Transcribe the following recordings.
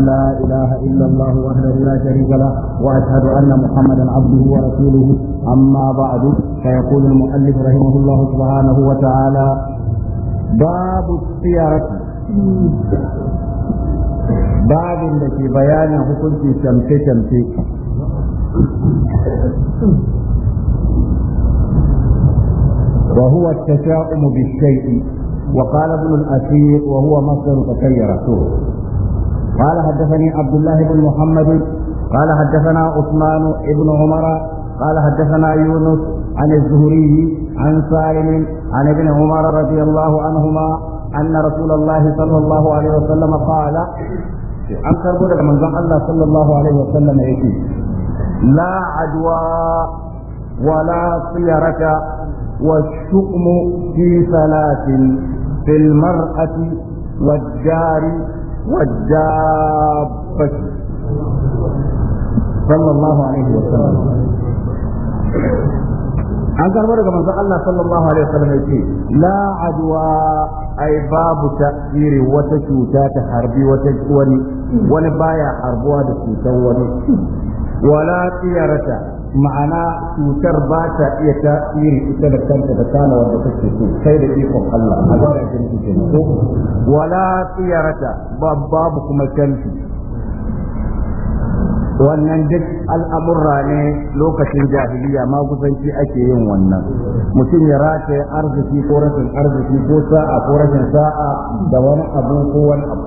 أن لا إله إلا الله وحده لا شريك له وأشهد أن محمدا عبده ورسوله أما بعد فيقول المؤلف رحمه الله سبحانه وتعالى باب السيرة باب التي بيان حكم شمس شمس وهو التشاؤم بالشيء وقال ابن الأثير وهو مصدر تكيرته قال حدثني عبد الله بن محمد قال حدثنا عثمان بن عمر قال حدثنا يونس عن الزهري عن سالم عن ابن عمر رضي الله عنهما أن رسول الله صلى الله عليه وسلم قال عن karbo من manzon Allah الله alaihi wa sallam yake la adwa wala siyaraka wa shukmu في salatin fil mar'ati والدابة صلى الله عليه وسلم an karbar daga manzon Allah sallallahu alaihi wasallam yace la adwa ai babu ta'iri wata cuta ta harbi wata wani wani baya harbuwa da cutar wani wala tiyarata ma'ana cutar ba ta iya ta iri ita da kanta da kana wanda kake so kai da ikon Allah a zarar da kike so wala tiyarata babu kuma kanti wannan duk al'amurra ne lokacin jahiliya ma kusanci ake yin wannan mutum ya rata arziki ko rashin arziki ko sa'a ko rashin sa'a da wani abu ko wani abu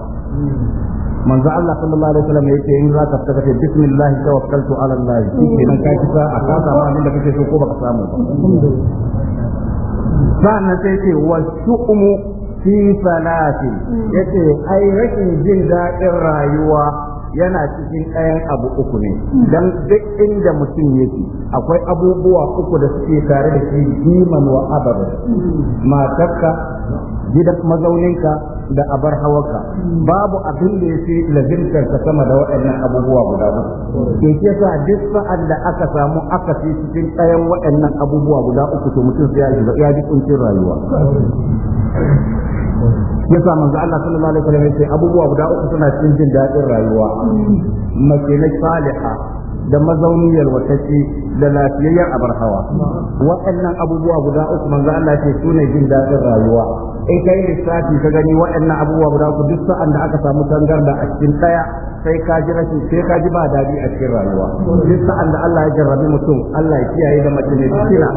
manzo Allah sallallahu alaihi wasallam yace in zaka fita kace bismillah tawakkaltu ala Allah kenan ka kisa a ka samu abin da kake so ko baka samu ba sannan sai ce wasu'umu fi salati yace ai rashin jin daɗin rayuwa yana cikin ɗayan abu uku ne dan duk inda mutum yake akwai abubuwa uku da suke tare da shi iman wa abada matarka gidan mazauninka da abar hawaka babu abin da ce lazimtar ka sama da waɗannan abubuwa guda uku ke ke sa duk sa'ad da aka samu aka fi cikin ɗayan waɗannan abubuwa guda uku to mutum ya ji kuncin rayuwa Ya yasa manzo Allah sallallahu alaihi wasallam sai abubuwa guda uku suna cikin jin daɗin rayuwa mace na saliha da mazauniyar watacci da lafiyayyar abar hawa waɗannan abubuwa guda uku manzo Allah ce su ne jin daɗin rayuwa in kai lissafi ka gani waɗannan abubuwa guda ku duk sa'an da aka samu tangar da a cikin ɗaya sai ka ji rashin sai ka ji ba daɗi a cikin rayuwa duk sa'an da Allah ya jarrabi mutum Allah ya kiyaye da mace mai fitina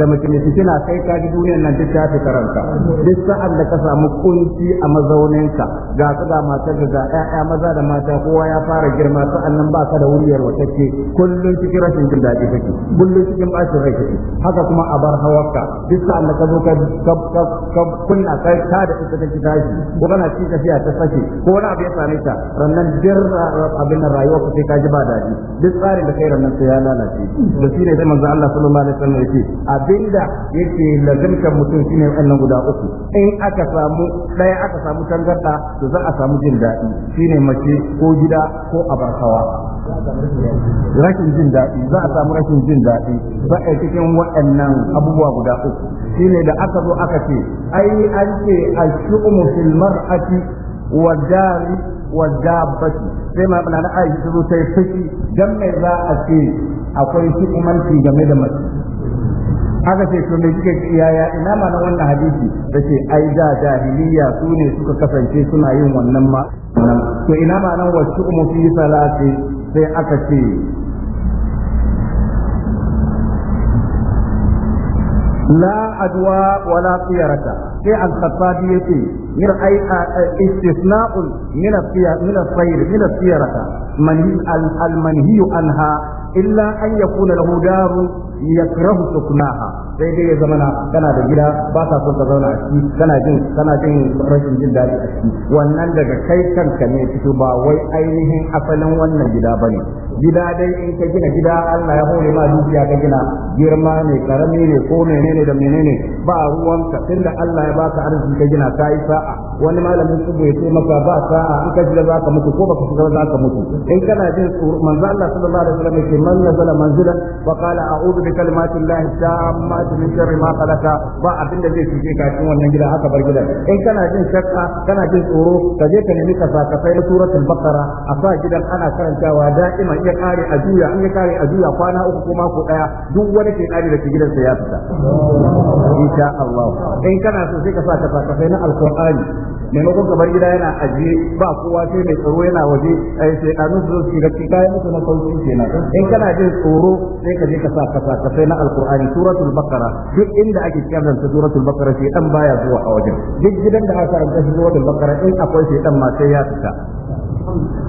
da mace mai fitina sai ka ji duniyar nan duk ta fi karanta duk sa'an da ka samu kunci a mazauninka ga su ga matar ga ƴaƴa maza da mata kowa ya fara girma sa'an nan ba ka da wuriyar watacce kullum cikin rashin jin daɗi kake kullum cikin bashin rai kake haka kuma a bar hawarka duk sa'an da ka zo ka ka kunna kai ta da ita take tashi ko kana ci tafiya ta sake ko wani abu ya same ta rannan dirra abin da rayuwa ku sai ka ji ba dadi duk tsarin da kai rannan sai ya lalace da shi ne sai manzo Allah sallallahu alaihi wasallam yake abinda yake lazimta mutum shine wannan guda uku in aka samu daya aka samu tangarda to za a samu jin daɗi shine mace ko gida ko abarkawa rashin jin daɗi za a samu rashin jin daɗi ba a cikin waɗannan abubuwa guda uku shine da aka zo aka ce ai an ce a shumu fil mar'ati wa jari wa dabbati sai ma na aisha ta zo sai fiki fushi dan za a ce akwai umanci game da mace haka ce to me kike yaya ina ma na wannan hadisi ce ai da jahiliya su ne suka kasance suna yin wannan ma to ina ma nan wasu umu fi salati sai aka ce la adwa wala qiyarata sai al-khattabi yace min ai istisna'un min as-siyar min as min siyarata man al-manhi anha illa an yakuna lahu darun yakrahu suknaha sai dai ya zamana kana da gida ba ka son ka zauna a ciki kana jin kana jin rashin jin daɗi a ciki wannan daga kai kanka ne fito ba wai ainihin asalin wannan gida bane gida dai in ka gina gida Allah ya hore ma dukiya ka gina girma ne karami ne ko menene da menene ba ruwan ka tunda Allah ya baka arziki ka gina yi sa'a wani malamin su bai ce maka ba sa'a in ka gida za ka mutu ko baka shiga za ka mutu in kana jin tsoro manzo Allah sallallahu alaihi wasallam ممن نزل منزلا وقال اعوذ بكلمات الله التامات من شر ما خلق ba abin da zai cike ka cikin wannan gida haka bar gida in kana jin shakka kana jin tsoro ka je ka nemi ka sakafai na suratul baqara a sa gidan ana karantawa da'ima iya kare a juya in ya kare a kwana uku ko mako daya duk wani ke kare da gidan sa ya fita insha Allah in kana so sai ka sa sakafai na alqur'ani maimakon ka gida yana ajiye ba kowa sai mai tsaro yana waje ai sai anu su su kayan musu na sauki kenan kana jin tsoro sai ka je ka sa na alqur'ani suratul baqara duk inda ake karanta suratul baqara sai dan baya zuwa a wajen duk gidan da aka karanta suratul baqara in akwai sai dan ma sai ya fita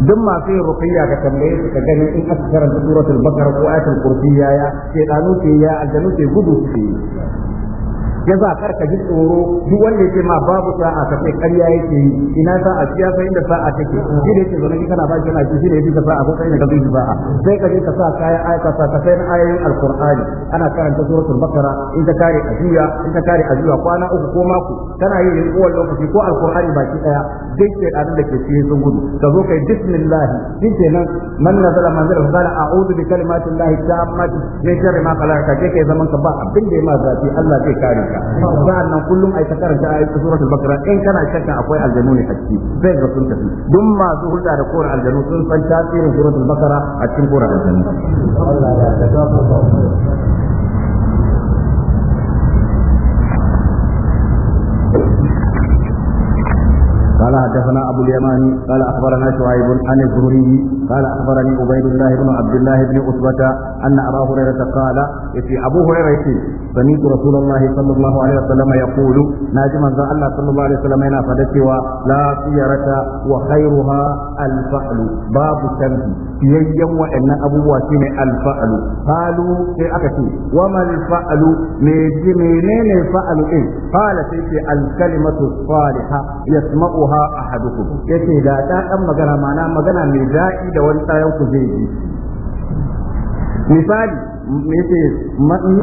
duk masu yin ruqiyya ka tambaye ka gani in aka karanta suratul baqara ko ayatul kursi ya ya sai ya aljanu sai gudu sai yasa kar ka ji tsoro duk wanda yake ma babu sa'a ka sai ƙarya yake yi ina sa'a a ya san inda sa'a take shi da yake zaune kana ba shi kana shi ne yake sa'a ko kai ne ka bi sa'a sai ka je ka sa kayan ayi ka sa ka sai ayoyin alqur'ani ana karanta suratul bakara in ka kare ajuya in ka kare ajuya kwana uku ko mako kana yin kowa lokaci ko alqur'ani baki daya dai ke da da ke cikin sun gudu ka zo kai bismillah din kenan man nazala manzala fala a'udhu bi kalimatillahi tammati min sharri ma khalaq ka je kai zaman ka ba abin da ya ma zafi Allah zai kare haka sa'an nan kullum ai ta karanta ayatul suratul baqara in kana shakka akwai aljanu ne a sai ga sun tafi duk masu hulɗa da kore aljanu sun san tasirin suratul baqara a cikin kore aljanu قال حدثنا أبو اليماني قال أخبرنا شعيب عن الزهري قال أخبرني عبيد الله بن عبد الله بن عتبة أن أبا هريرة قال في أبو هريرة سمعت رسول الله صلى الله عليه وسلم يقول ناجما ذا الله صلى الله عليه وسلم هنا فدكوا لا طيرة وخيرها الفعل باب الشمس ييم وإن أبو واسم الفعل قالوا في أكتي وما الفعل منين فعل إيه قال في الكلمة الصالحة يسمعها yasma'uha ahadukum yace da ta dan magana mana magana mai daɗi da wani tsayan ku zai yi misali yace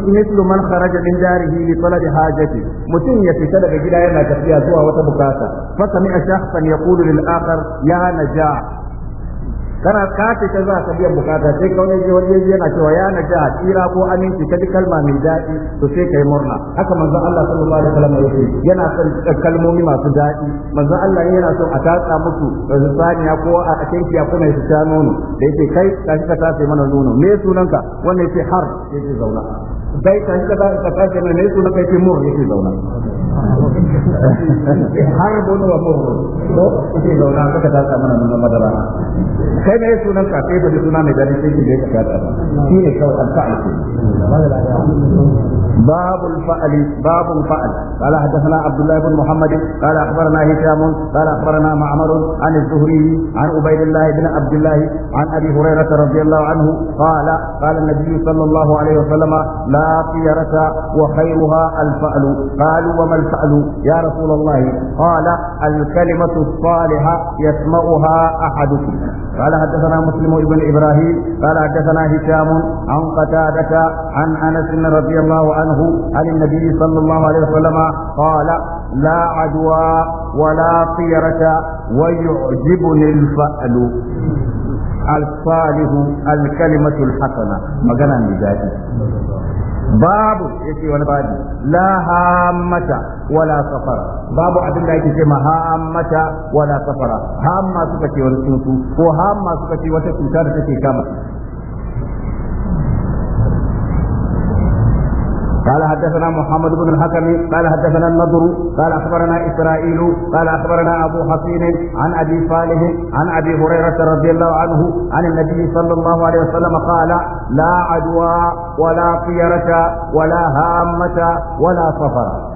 mislu man kharaja min darihi li talabi hajati mutum ya fita daga gida yana tafiya zuwa wata bukata fa a shakhsan yaqulu lil akhar ya ja. kana ka ce ta za ka biyan bukata sai ka wani wani yana cewa ya na ja tsira ko aminci ka kalma mai daɗi to sai ka yi murna haka manzon Allah sallallahu alaihi wasallam yake yana son kalmomi masu daɗi manzon Allah yana son a tatsa musu saniya ko a akenkiya ko mai ta nono da yake kai ka shi ka tace mana nono me sunanka wannan yake har yake zauna bai ka shi ka tace mana ne sunanka yake mur yake zauna harbun wa murrun ko kike zauna kaka ta sa mana nuna madara kai ne sunan ka sai fadi suna mai dadi sai kike ka ta shi ne kawai alfa'al باب الفعل باب الفعل قال حدثنا عبد الله بن محمد قال اخبرنا هشام قال اخبرنا معمر عن الزهري عن عبيد الله بن عبد الله عن ابي هريره رضي الله عنه قال قال النبي صلى الله عليه وسلم لا طيرة وخيرها الفعل قالوا وما الفعل يا يا رسول الله قال الكلمة الصالحة يسمعها أحدكم قال حدثنا مسلم بن إبراهيم قال حدثنا هشام عن قتادة عن أنس رضي الله عنه عن النبي صلى الله عليه وسلم قال لا عدوى ولا طيرة ويعجبني الفأل الصالح الكلمة الحسنة مجانا بذاته babu yake wani babu la hammata wala safara babu abin da yake ce ma hammata wala safara hamma suka ce wani tsuntsu ko hamma suka ce wata cuta da take kama قال حدثنا محمد بن الحكم قال حدثنا النضر قال اخبرنا اسرائيل قال اخبرنا ابو حصين عن ابي صالح عن ابي هريره رضي الله عنه عن النبي صلى الله عليه وسلم قال لا عدوى ولا طيرة ولا هامة ولا صفرة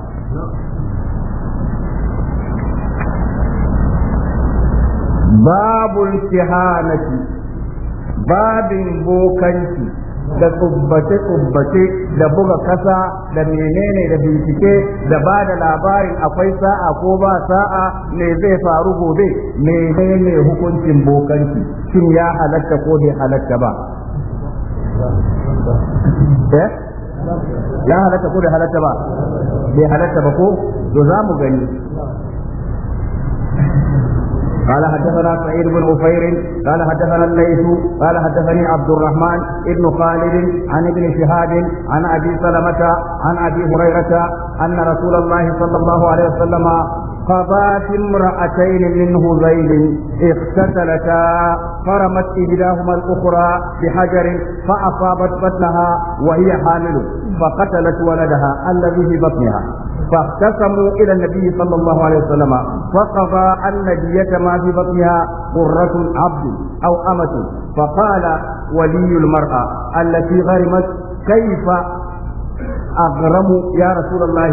باب الكهانة باب بوكنتي da kubbace-kubbace, da buga kasa da menene da bincike da ba da labarin akwai sa'a ko ba sa'a me zai faru gobe menene hukuncin bokanci shin ya halatta ko bai halatta ba eh ya halatta ko bai halatta ba bai halatta ba ko to za mu gani قال حدثنا سعيد بن غفير قال حدثنا الليث قال حدثني عبد الرحمن بن خالد عن ابن شهاب عن ابي سلمه عن ابي هريره ان رسول الله صلى الله عليه وسلم قضى في امرأتين منه زيد اختتلتا فرمت إحداهما الأخرى بحجر فأصابت بطنها وهي حامل فقتلت ولدها الذي في بطنها فاختصموا إلى النبي صلى الله عليه وسلم فقضى أن دية ما في بطنها قرة عبد أو أمة فقال ولي المرأة التي غرمت كيف أغرم يا رسول الله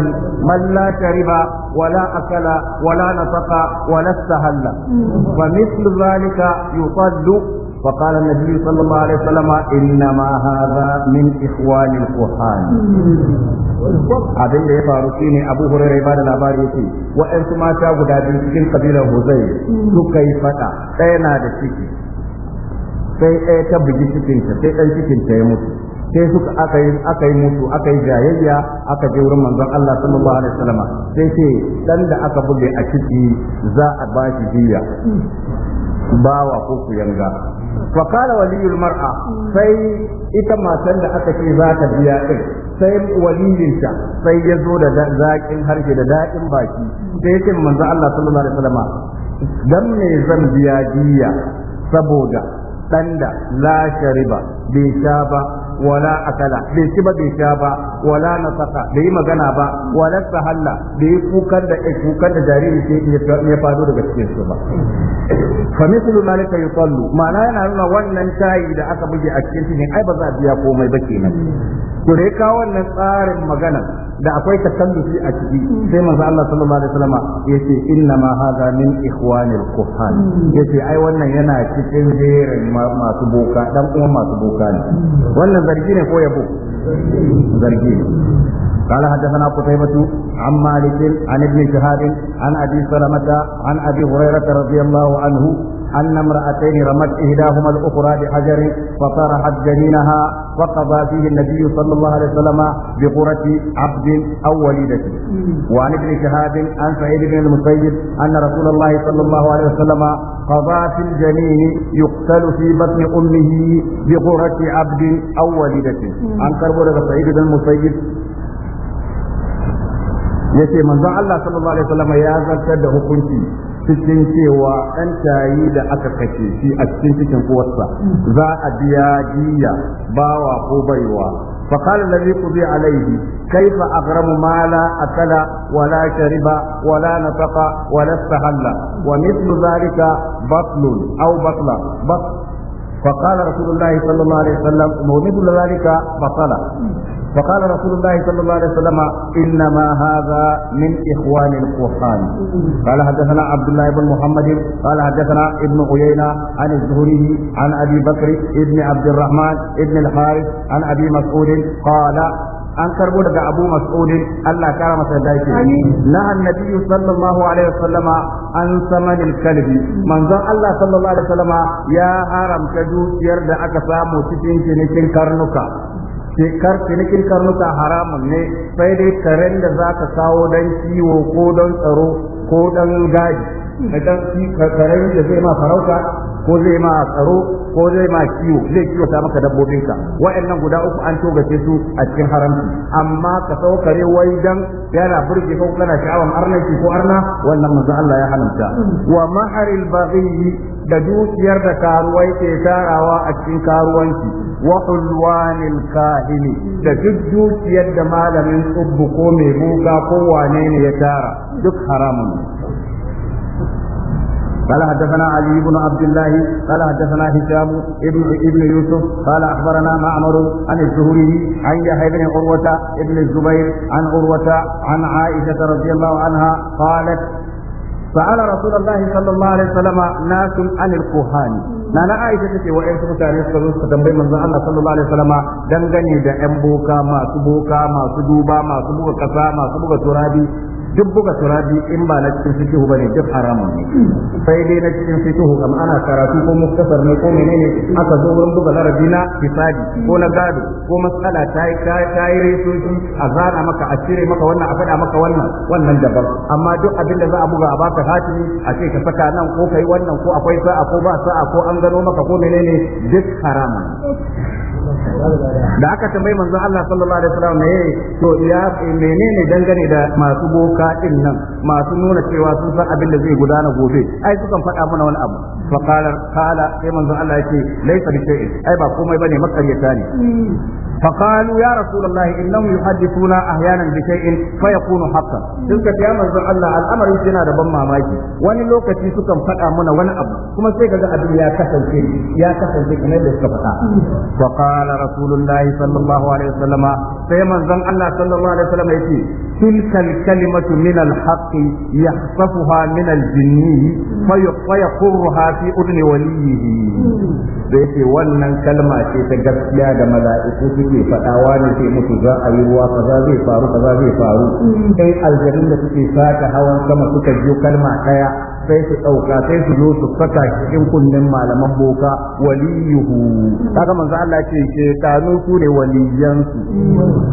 من لا شرب ولا أكل ولا نطق ولا استهل فمثل ذلك يصد فقال النبي صلى الله عليه وسلم إنما هذا من إخوان القرآن abin da ya faru shine abu hurairai ba da labari yace wa'ansu mata guda biyu cikin kabilar huzai suka yi fada ɗaya na da ciki sai ɗaya ta bugi cikinta sai ɗan cikinta ya mutu sai suka aka yi aka yi musu aka yi jayayya aka je wurin manzon Allah sallallahu alaihi wasallam sai ce dan da aka buge a ciki za a ba shi bawa ko ku yanga fa qala waliyul mar'a sai ita matan da aka ce za ta biya din sai waliyinta sai ya zo da zaƙin harshe da daɗin baki sai ya manzon Allah sallallahu alaihi wasallam dan me zan biya diya saboda ɗan da la shariba bai sha ba wala akala bai ci ba bai sha ba wala nasaka bai magana ba walasahala sahalla bai kukan da eh, kukan da jariri sai ya fado daga cikin su ba fa mithlu malika yusallu ma'ana yana nuna wannan tayi da aka buge a cikin shi ne ai za a biya komai ba kenan to dai ka wannan tsarin magana da akwai takallufi a ciki sai manzo Allah sallallahu alaihi wasallam yace inna ma hadha min ikhwanil kuhan yace ai wannan yana cikin jerin masu boka dan uwan masu boka ne wannan zargi ne ko yabo zargi ne قال حدثنا قتيبة عن مالك عن ابن شهاب عن أبي سلمة عن أبي هريرة رضي الله عنه أن امرأتين رمت إحداهما الأخرى بحجر فطرحت جنينها فقضى فيه النبي صلى الله عليه وسلم بقرة عبد أو وليدة وعن ابن شهاب عن سعيد بن المسيب أن رسول الله صلى الله عليه وسلم قضى في الجنين يقتل في بطن أمه بقرة عبد أو وليدة عن كربلاء سعيد بن المسيب yace manzon Allah sallallahu alaihi wasallam ya zartar da hukunci cikin cewa ɗan tayi da aka kashe shi a cikin cikin kwarsa za a biya jiya bawa ko baiwa فقال الذي قضي عليه كيف أغرم ما لا أكل ولا شرب ولا نفق ولا استهل ومثل ذلك بطل أو بطل بطل فقال رسول الله صلى الله عليه وسلم ومثل ذلك فصلى فقال رسول الله صلى الله عليه وسلم انما هذا من اخوان القران قال حدثنا عبد الله بن محمد قال حدثنا ابن عيينه عن الزهري عن ابي بكر ابن عبد الرحمن ابن الحارث عن ابي مسعود قال an karbo daga Abu mas'udin Allah kara masa da na annabi sallallahu alaihi wasallama an samanil kalbi manzon Allah sallallahu alaihi wasallama ya haramta dukiyar da aka samu cikin cinikin karnuka kar cinikin karnuka haramun ne sai dai karen da za ka kawo dan ciwo ko dan tsaro ko dan gaji da karen da zai ma farauta ko zai ma tsaro ko zai ma kiwo zai kiwo ta maka dabbobinka wa'annan guda uku an togace su a cikin haramci amma ka kare wai dan yana burge ko kana sha'awan arnaki ko arna wannan manzo Allah ya halanta. wa maharil baghi da dukiyar da karuwai ke tarawa a cikin karuwanci wa hulwanil kahini da duk dukiyar da malamin tsubbu ko mai buga ko wane ne ya tara duk haramun قال حدثنا علي بن عبد الله قال حدثنا هشام ابن ابن يوسف قال اخبرنا معمر عن الزهري عن يحيى بن عروه ابن الزبير عن عروه عن عائشه رضي الله عنها قالت سأل رسول الله صلى الله عليه وسلم ناس عن الكهان na na Aisha take wa ƴan mutane suka zo suka tambayi manzon Allah sallallahu alaihi wasallama dangane da ƴan boka masu boka masu duba masu buga kasa masu buga turabi duk buga biyu in ba na cikin ba ne duk haramun ne sai dai na cikin fito kam ana karatu ko muktasar ne ko menene aka zo wurin buga larabi na fisadi ko na gado ko matsala ta yi ta yi a zana maka a cire maka wannan a faɗa maka wannan wannan daban amma duk abin da za a buga a baka hatimi a ce ka saka nan ko kai wannan ko akwai sa'a ko ba sa'a ko an gano maka ko menene duk haramun da aka tambayi manzon Allah sallallahu alaihi wasallam ne to ya menene dangane da masu boka din nan masu nuna cewa sun san abin da zai gudana gobe ai sukan faɗa mana wani abu fa qala qala sai manzon Allah yake laisa bi shay'in ai ba komai bane makaryata ne فقالوا يا رسول الله انهم يحدثونا احيانا بشيء فيكون حقا تلك يا منزل الله الامر yana da ban mamaki wani lokaci sukan faɗa mana wani abu kuma sai kaga abin ya kasance ya kasance kamar da suka faɗa فقال rasulullahi sallallahu alaihi wasallama sai manzon Allah sallallahu alaihi wasallama yace tilkal kalimatu min al-haqqi yahsafuha min al-jinni fa yaqurruha fi udni waliyhi da yace wannan kalma ce ta gaskiya da mala'iku suke fadawa ne sai mutu za'a yi ruwa kaza zai faru kaza zai faru aljarin da suke saka hawan sama suka ji kalma kaya. sai su ɗauka sai su zo su saka cikin kunnen malaman boka waliyuhu kaga manzo Allah ce ke tanu su ne waliyansu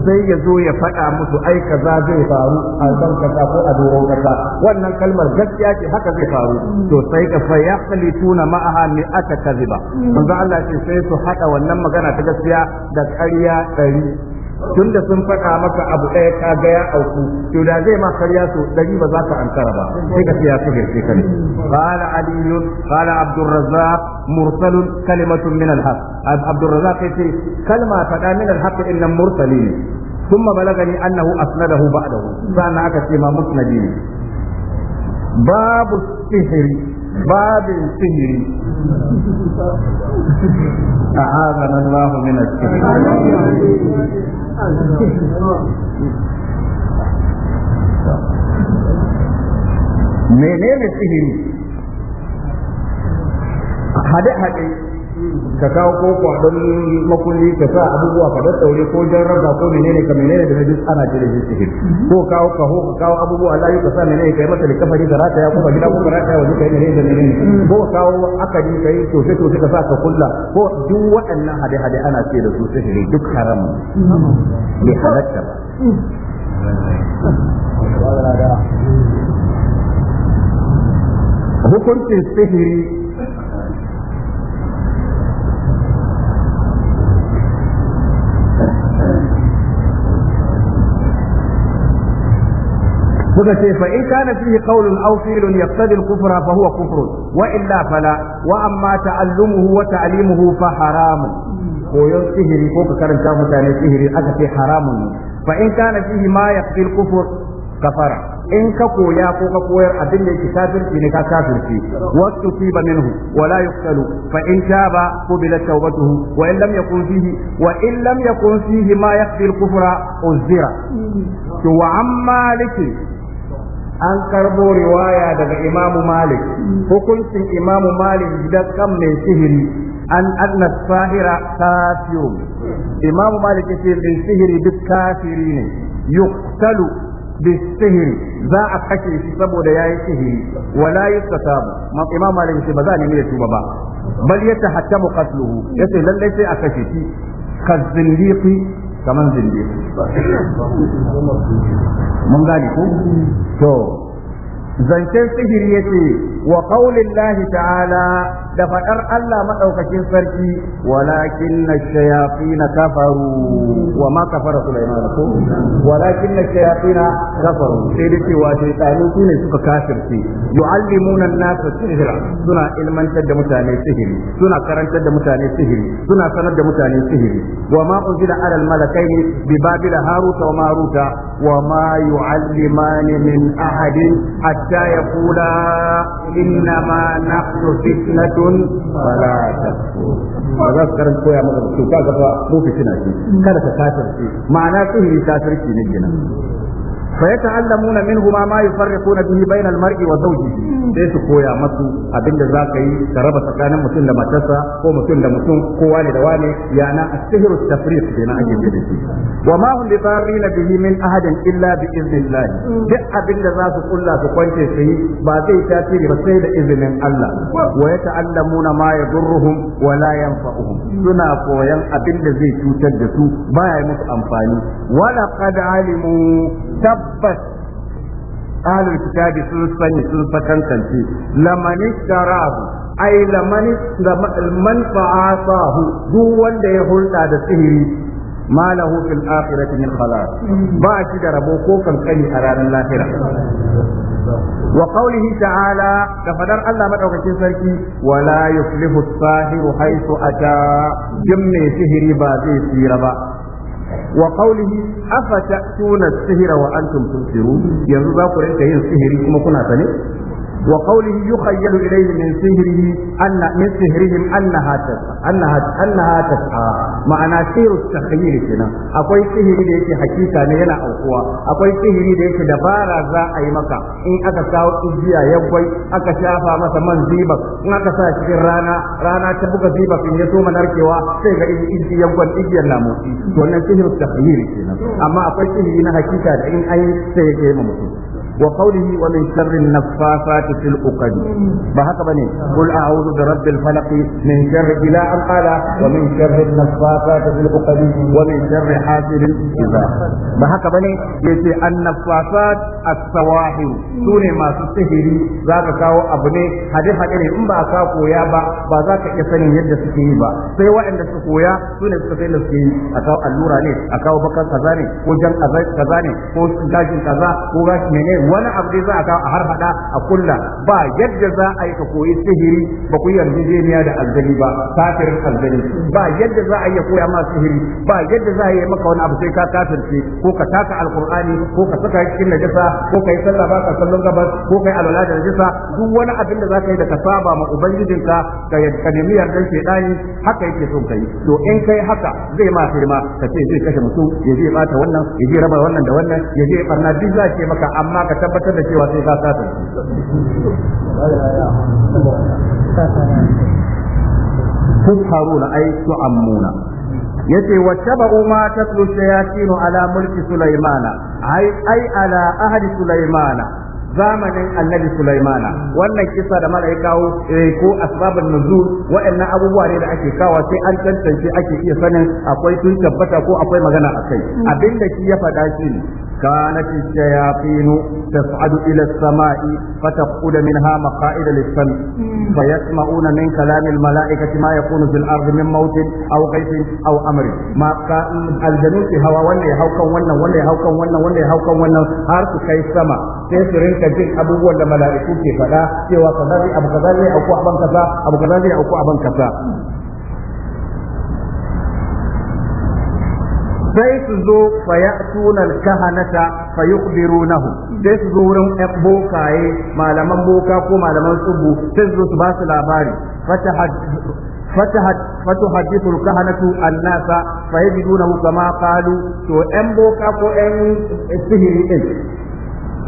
sai ya zo ya faɗa musu ai kaza zai faru a san kaza ko a doron kaza wannan kalmar gaskiya ce haka zai faru to sai ka fa yaqlituna ma'aha min ata kaziba manzo Allah ce sai su haɗa wannan magana ta gaskiya da ƙarya ɗari tunda sun faɗa maka abu ɗaya ka ga ya auku to da zai ma karya so dari ba za ka ankara ba sai ka ya sihir sai ka ne qala Aliyu, qala abdurrazzaq Mursalun, kalimatun min al-haq abdurrazzaq yace kalma faɗa min al-haq innan mursali ثم بلغني أنه أسنده بعده فأنا أكتب مسندين Babu السحر babin sihiri a azan Allah min menene sihiri hade-hade ka kawo ko kwadon makulli ka sa abubuwa ka da daure ko jarraba ko menene ka menene da duk ana jira jin sihir ko kawo ka ho ka kawo abubuwa Allah ka sa menene kai mata likafari da rata ya kuma gida ko rata ya wani kai menene da menene ko kawo akadi kai to sai to ka sa ka kulla ko duk waɗannan hade hade ana ce da su ne duk haram ne halatta ba hukuncin sihiri suka ce fa in kana fihi qawlun aw fi'lun yaqtadi al-kufra fa huwa kufrun wa illa fala wa amma ta'allumuhu wa ta'limuhu fa haramun koyon sihiri ko ka karanta mutane sihiri aka ce haramun ne fa in kana fihi ma yaqtil kufur kafara in ka koya ko ka koyar abin da yake kafirci ne ka kafirci wasu fi ba minhu wa la yuqtalu fa in taba qubila tawbatuhu wa in lam yakun fihi wa in lam yakun fihi ma yaqtil kufra uzira to wa amma liki an karbo riwaya daga imamu malik hukuncin imamu malik gidan kan mai sihiri an adna sahira kafirun imamu malik ce mai sihiri duk kafiri ne yuqtalu sihiri za a kashe shi saboda yayi sihiri wala ma imamu malik ce ba za a nemi ya tuba ba bal yata yatahattamu ya yace lallai sai a kashe shi kazzindiki kamar zinde mun gane ko to zancen sihiri yace wa qaulillahi ta'ala da fadar Allah madaukakin sarki walakin ash-shayatin kafaru wa ma kafara Sulaiman ko walakin ash-shayatin kafaru sai da cewa shaytanu su ne suka kafirce yu'allimuna an-nasa sihra suna ilmantar da mutane sihiri suna karantar da mutane sihiri suna sanar da mutane sihiri wa ma unzila ala al bi haruta wa maruta wa ma إنما نحن فتنة فلا تكفر ba za su karin koya maka da cuta gaba mu fitina ce kada ka kafirce ma'ana sihiri kafirci ne kenan fa yata'allamuna minhuma ma yufarriquna bihi bayna al-mar'i wa sai su koya masu abinda za ka yi ka raba tsakanin mutum da matarsa ko mutum da mutum ko wani da wani yana as-sihru at-tafriq kenan ake da shi wa ma hum na bihi min ahadin illa bi iznillah duk abinda za su kulla su kwance su yi ba zai tasiri ba sai da izinin Allah wa yata'allamuna ma yadurruhum wa la yanfa'uhum suna koyan abinda zai cutar da su baya musu amfani wala qad alimu tabbas ahlul kitabi sun sani sun sakankance lamani tarahu ai lamani man fa'asahu duk wanda ya hulɗa da sihiri ma lahu fil akhirati min khalas ba shi da rabo ko kankani a ranar lahira wa qawlihi ta'ala da fadar Allah madaukakin sarki wala yuflihu as-sahiru haythu ata jin mai sihiri ba zai tsira ba وقوله أفتأتون السحر وأنتم تبصرون ينظر ذاك yin sihiri kuma kuna sane وقوله يخيل إليه من سهره أن من سهرهم أنها تسعى أنها أنها تسعى معنى سير التخيل كنا أقوي سهر ديك حقيقة نينا أقوى أقوي سهر ديك دبارة ذا أي مكة إن أكساو إجيا يبوي أكشافا مثلا من زيبك إن أكسا رانا رانا تبقى زيبك إن يسوم نركوا سيغا إجي يبوي إجيا ناموتي وأن سهر التخيل كنا أما أقوي سهر حقيقة إن أي سيغا ممتي وقوله ومن شر النفاثات في العقد بهك بني قل أعوذ برب الفلق من شر إلى أن قال ومن شر النفاثات في العقد ومن شر حاسد إذا بهك بني يتي النفاثات السواحل سوني ما سسهري ذاك كاو أبني حديث حديث إن بأكا كويا با بذاك يسني يد سكيه با سيوا إن سكويا سوني سكيه سكيه أكاو اللورة ne a kawo bakan kaza ne ko jan kaza ne ko gashin kaza ko gashi menene wani abu dai za a kawo a harhaɗa a kulla ba yadda za a yi ka koyi sihiri ba ku yarjejeniya da aljani ba kafirin aljani ba yadda za a yi koya ma sihiri ba yadda za a yi maka wani abu sai ka kafirce ko ka taka alqur'ani ko ka saka cikin najasa ko ka yi sallah ba ka kallon gabas ko ka yi alwala da najasa duk wani abin da za ka yi da ka saba ma ubangijinka ka ka nemi yardan shedani haka yake son kai to in kai haka zai ma firma ka ce zai kashe mutum ya zai bata wannan ya zai raba wannan da wannan ya zai barna duk za ce maka amma ka tabbatar da cewa sai ka sata تسهرون أي تعمون yace wattaba'u ma tatlu shayatin ala mulki sulaymana ai ai ala ahadi Sulaimana. zamanin annabi sulaimana wannan kisa da mala ya kawo eh, ko asbabun nuzul wa'annan abubuwa ne da ake kawa sai an tantance ake iya sanin akwai sun tabbata ko akwai magana akai mm. abinda shi ya faɗa shi كانت الشياطين تصعد إلى السماء فتفقد منها مقائد للسمع فيسمعون من كلام الملائكة ما يكون في الأرض من موت أو غيث أو أمر ما الجنود هوا ولا يهوكا ولا ولا يهوكا ولا ولا يهوكا ولا هارك كي السماء تسرين rinka jin abubuwan da mala'iku ke faɗa cewa kaza zai abu kaza zai auku a kaza abu kaza zai auku a kaza sai su zo fa ya tunan kahanata fa yukhbirunahu sai su zo wurin bokaye malaman boka ko malaman tsubu sai su zo su ba su labari فتحدث الكهنة الناس فيجدونه كما قالوا تو ان بوكا كو ان سهري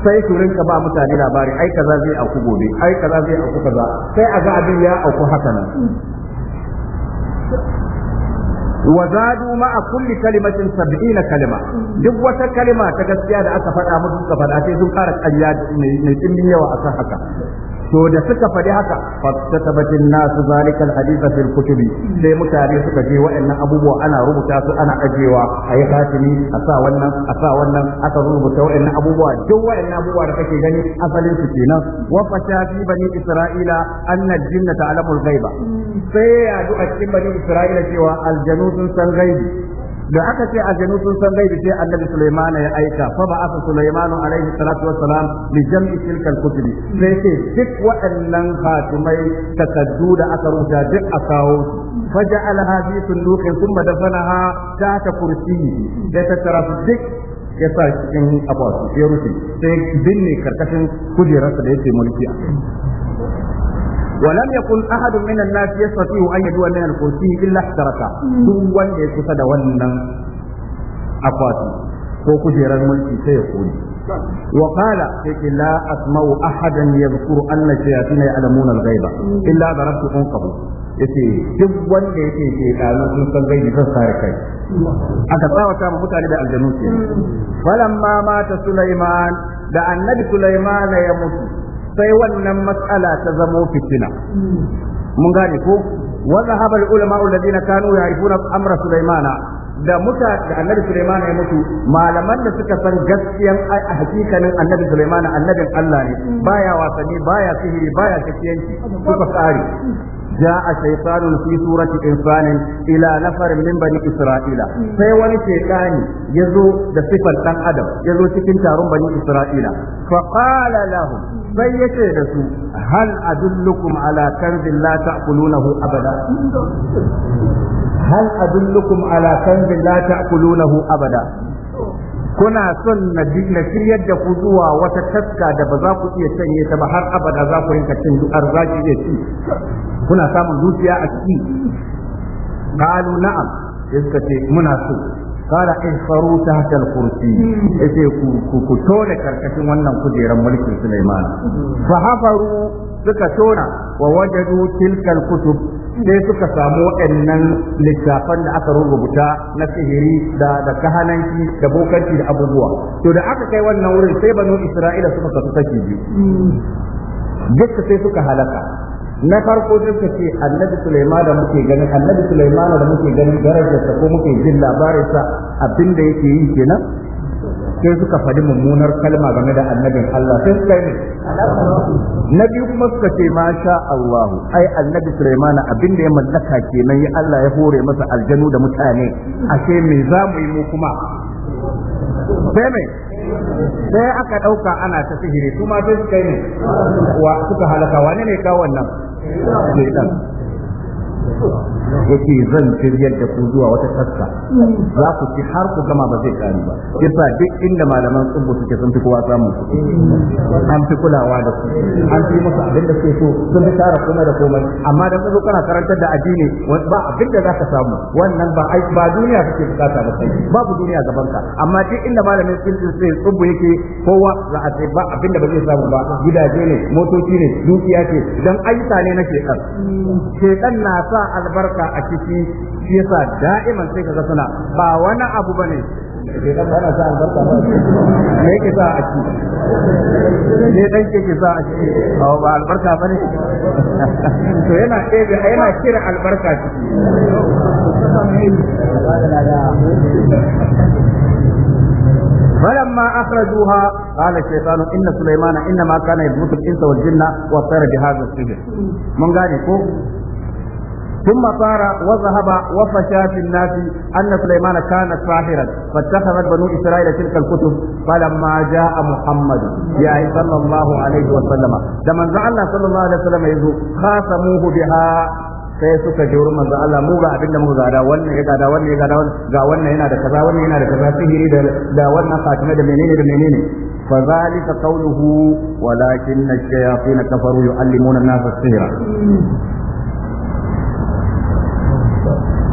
sai su rinka ba mutane labari ai kaza zai auku gobe ai kaza zai auku kaza sai a ga abin ya auku haka nan ma a kulli kalimatin sab'ina kalima, duk wata kalima ta gaskiya da aka faɗa musu suka faɗa sai sun ƙara ƙarya mai tsindin yawa akan kan haka to da suka faɗi haka fastatabatin nasu zalikal hadisa fil kutubi sai mutane suka je waɗannan abubuwa ana rubuta su ana ajewa a yi hatimi a sa wannan a sa wannan aka rubuta waɗannan abubuwa duk waɗannan abubuwa da kake gani asalin su kenan wa fasha fi bani isra'ila anna jinnata alamul ghaiba sai ya a cikin bani isra'ila cewa aljanu sun san ghaibi da aka ce aljanu sun san gaibi sai annabi Sulaiman ya aika fa ba aka Sulaiman alaihi salatu wassalam bi jam'i tilka al-kutubi sai ke duk waɗannan khatimai takaddu da aka rubuta duk a kawo faja'alaha fi sunduqin thumma dafanaha ta kursiyyi da ta tarafu duk ya sa cikin abu ya rufe sai binne karkashin kujerarsa da yake mulki ولم يكن أحد من الناس يستطيع أن يدعو من الكرسي إلا احترق دون وان يكسد وانا أقواتي فوق جيران ملكي سيقول وقال لا أسمع أحدا يذكر أن الشياطين يعلمون الغيبة إلا ضربت عنقه yace duk wanda yake ke ɗanu sun san gaibi zan sare kai aka tsawata ma mutane da aljanu ke falamma mata Sulaiman da annabi Sulaiman ya mutu sai wannan matsala ta zamo fitina mun gane ko wa zahaba ulama alladhina kanu ya'rifuna amra sulaimana da muka da annabi sulaimana ya mutu malaman da suka san gaskiyan a hakikanin annabi sulaimana annabin Allah ne baya wasanni baya sihiri baya shakiyanci suka tsari جاء شيطان في سورة إنسان إلى نفر من بني إسرائيل سيوان شيطان يزو دففا تن أدم يزو تكن تارون بني إسرائيل فقال لهم سيكي رسو هل أدلكم على كنز لا تأكلونه أبدا هل أدلكم على كنز لا تأكلونه أبدا kuna son na shiryar da ku zuwa wata taska da ba za ku iya sanye ta ba har abada za ku rinka cin du'ar za ki iya ci kuna samun zuciya a ciki qalu na'am iska ce muna so qala ihfaru tahta al-kursi yace ku ku tone karkashin wannan kujerar mulkin Sulaiman fa hafaru suka tona wa wajadu tilkal kutub sai suka samu waɗannan littafan da aka rubuta na sihiri da da kahananci da bokanci da abubuwa to da aka kai wannan wurin sai banu isra'ila suka kasu saki biyu duk sai suka halaka na farko duka ce annabi Sulaiman da muke ganin annabi Sulaiman da muke ganin darajarsa ko muke jin labarinsa abin da yake yi kenan sai suka faɗi mummunar kalma game da annabin Allah sai suka yi na biyu kuma suka ce ma sha Allah ai annabi Sulaimana, abin da ya mallaka kenan ya Allah ya hore masa aljanu da mutane ashe me za mu yi mu kuma sai me sai aka ɗauka ana ta sihiri su ma sai suka yi wa suka halaka wane ne ka wannan yake zan shiryar da ku zuwa wata taska za ku ci har ku gama ba zai kare ba yasa duk inda malaman tsubbu suke sun fi kowa samun su an fi kulawa da su an fi musu abin da suke so sun fi tara kuma da komai amma da kazo kana karantar da addini ba abin da zaka samu wannan ba ai ba duniya kake bukata ba sai babu duniya gaban ka amma duk inda malamin tsubbu yake kowa za a ce ba abin da ba zai samu ba gidaje ne motoci ne dukiya ce dan ayyuka ne na shedan shedan na sa albarka sa a ciki shi yasa da'iman sai kaga suna ba wani abu bane me yake sa a ciki ne dan ke sa a ciki ba albarka bane to yana ɗebe yana kira albarka فلما اخرجوها قال الشيطان ان سليمان انما كان يملك الانس والجن وصار بهذا السجن من قال ثم صار وذهب وفشى في الناس أن سليمان كان ساحرا فاتخذت بنو إسرائيل تلك الكتب فلما جاء محمد يا صلى الله عليه وسلم لما زعل صلى الله عليه وسلم يزو خاصموه بها sai suka ji wurin manzo Allah mu ga abin da muka gada wannan ya gada wannan ya gada ga wannan yana da kaza wannan yana da kaza sihiri da da wannan fatima da menene da menene fa zalika qawluhu walakin ash-shayatin kafaru yu'allimuna an-nasa sihra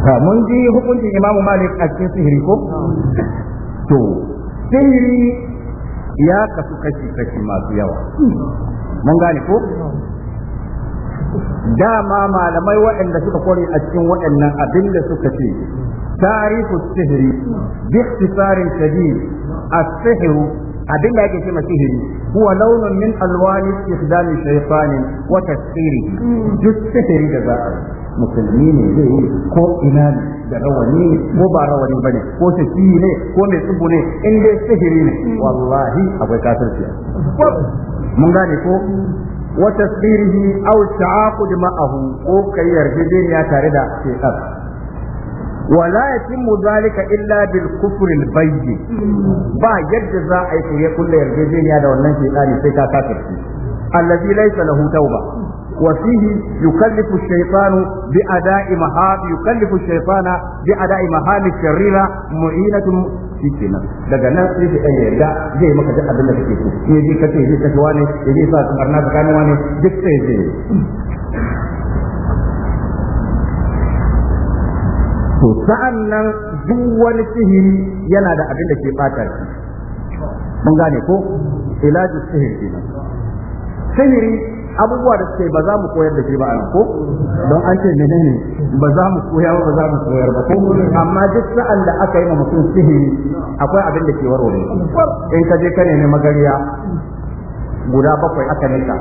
mun ji hukuncin Imam Malik a cikin sihiri ko to sihiri ya kasu kashi kashi masu yawa mun gane ko dama malamai waɗanda suka kware a cikin waɗannan abin da suka ce tarihu sihiri bi ikhtisarin shadid as-sihru abin da yake ce ma sihiri huwa launin min alwani istidami shaytanin wa tasirihi duk sihiri da za a musulmi ne zai yi ko ina da rawani ko ba rawani ba ne ko tafi ne ko mai tsubu ne in dai sihiri ne wallahi akwai kafirci mun gane ko wa tasbirihi aw ta'aqud ma'ahu ko kai yarjejeniya tare da shekar ولا يتم ذلك الا بالكفر البين ba yadda za a yi kulle yarjejeniya da wannan shekari sai ka kafirci allazi laysa lahu tauba وفيه يكلف الشيطان بأداء مهام يكلف الشيطان بأداء مهام الشريرة معينة shikenan daga nan sai shi ɗan yarda zai maka duk abin da kake so in wani sa tsakanin wani sa'an nan duk wani sihiri yana da abin da ke bata shi mun gane ko ilaju sihiri kenan sihiri abubuwa da suke ba za mu koyar da shi ba ko don an ce menene ba za mu koya ba ba za mu koyar ba ko amma duk sa'an da aka yi ma mutum sihiri akwai abin da ke warware in ka je ka nemi magariya guda bakwai aka nika